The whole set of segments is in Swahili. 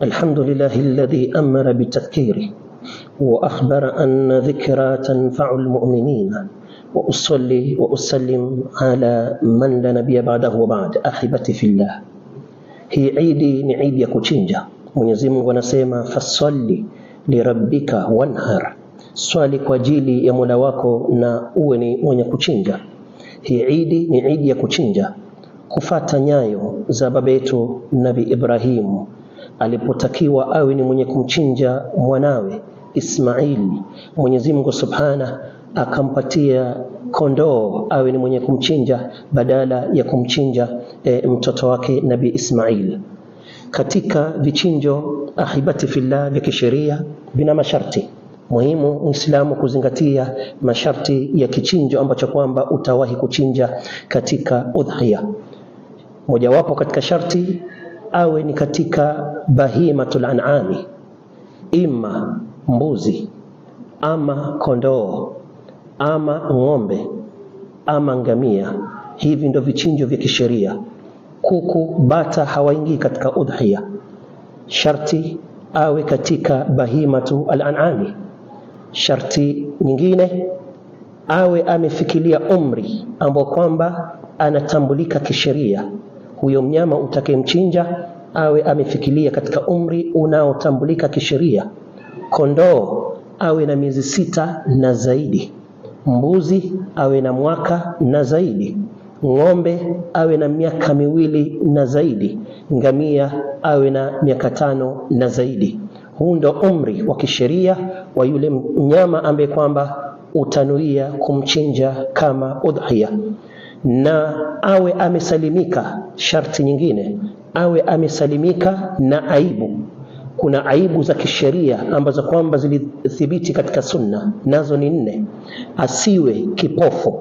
الحمد لله الذي أمر بتذكيره وأخبر أن ذكرى تنفع المؤمنين وأصلي وأسلم على من لا نبي بعده وبعد أحبتي في الله hii idi ni idi ya kuchinja. Mwenyezi Mungu anasema fasalli lirabbika wanhar, swali kwa ajili ya Mola wako na uwe ni mwenye kuchinja. Hii idi ni idi ya alipotakiwa awe ni mwenye kumchinja mwanawe Ismail, Mwenyezi Mungu Subhana akampatia kondoo awe ni mwenye kumchinja badala ya kumchinja e, mtoto wake nabi Ismail. Katika vichinjo ahibati fillah vya kisheria vina masharti muhimu, Muislamu kuzingatia masharti ya kichinjo ambacho kwamba utawahi kuchinja katika udhiya. Mojawapo katika sharti awe ni katika bahimatul an'ami, ima mbuzi ama kondoo ama ng'ombe ama ngamia. Hivi ndo vichinjo vya kisheria. Kuku, bata hawaingii katika udhiya, sharti awe katika bahimatu al-an'ami. Sharti nyingine awe amefikilia umri ambao kwamba anatambulika kisheria huyo mnyama utakayemchinja awe amefikilia katika umri unaotambulika kisheria. Kondoo awe na miezi sita na zaidi, mbuzi awe na mwaka na zaidi, ng'ombe awe na miaka miwili na zaidi, ngamia awe na miaka tano na zaidi. Huu ndo umri wa kisheria wa yule mnyama ambaye kwamba utanuia kumchinja kama udhiya na awe amesalimika. Sharti nyingine awe amesalimika na aibu. Kuna aibu za kisheria ambazo kwamba zilithibiti katika Sunna, nazo ni nne: asiwe kipofu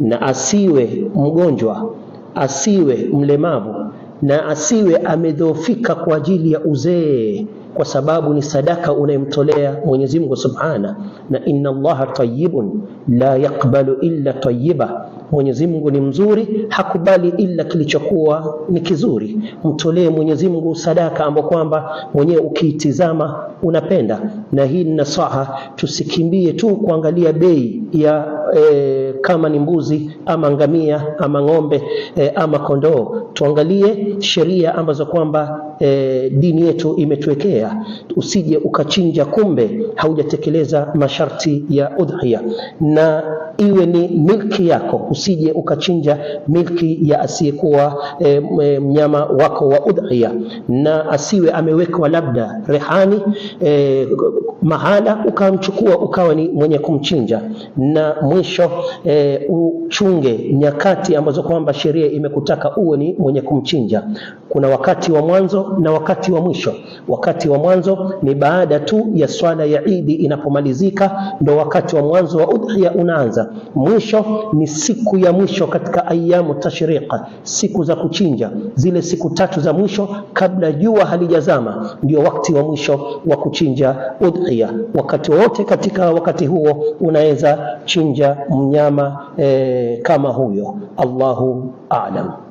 na asiwe mgonjwa, asiwe mlemavu na asiwe amedhoofika kwa ajili ya uzee, kwa sababu ni sadaka unayemtolea Mwenyezi Mungu Subhana, na inna Allaha tayyibun la yaqbalu illa tayyiba Mwenyezi Mungu ni mzuri, hakubali ila kilichokuwa ni kizuri. Mtolee Mwenyezi Mungu sadaka ambayo kwamba mwenyewe ukiitizama unapenda. Na hii ni nasaha, tusikimbie tu kuangalia bei ya e, kama ni mbuzi ama ngamia ama ng'ombe e, ama kondoo. Tuangalie sheria ambazo kwamba e, dini yetu imetuwekea. Usije ukachinja kumbe haujatekeleza masharti ya udhiya na iwe ni milki yako, usije ukachinja milki ya asiyekuwa e, mnyama wako wa udhiya, na asiwe amewekwa labda rehani e, mahala ukamchukua ukawa ni mwenye kumchinja. Na mwisho e, uchunge nyakati ambazo kwamba sheria imekutaka uwe ni mwenye kumchinja. Kuna wakati wa mwanzo na wakati wa mwisho. Wakati wa mwanzo ni baada tu ya swala ya Idi inapomalizika, ndo wakati wa mwanzo wa udhiya unaanza. Mwisho ni siku ya mwisho katika ayamu tashriqa, siku za kuchinja, zile siku tatu za mwisho kabla jua halijazama, ndio wakati wa mwisho wa kuchinja udhiya udhiya, wakati wote katika wakati huo unaweza chinja mnyama e, kama huyo. Allahu a'lam.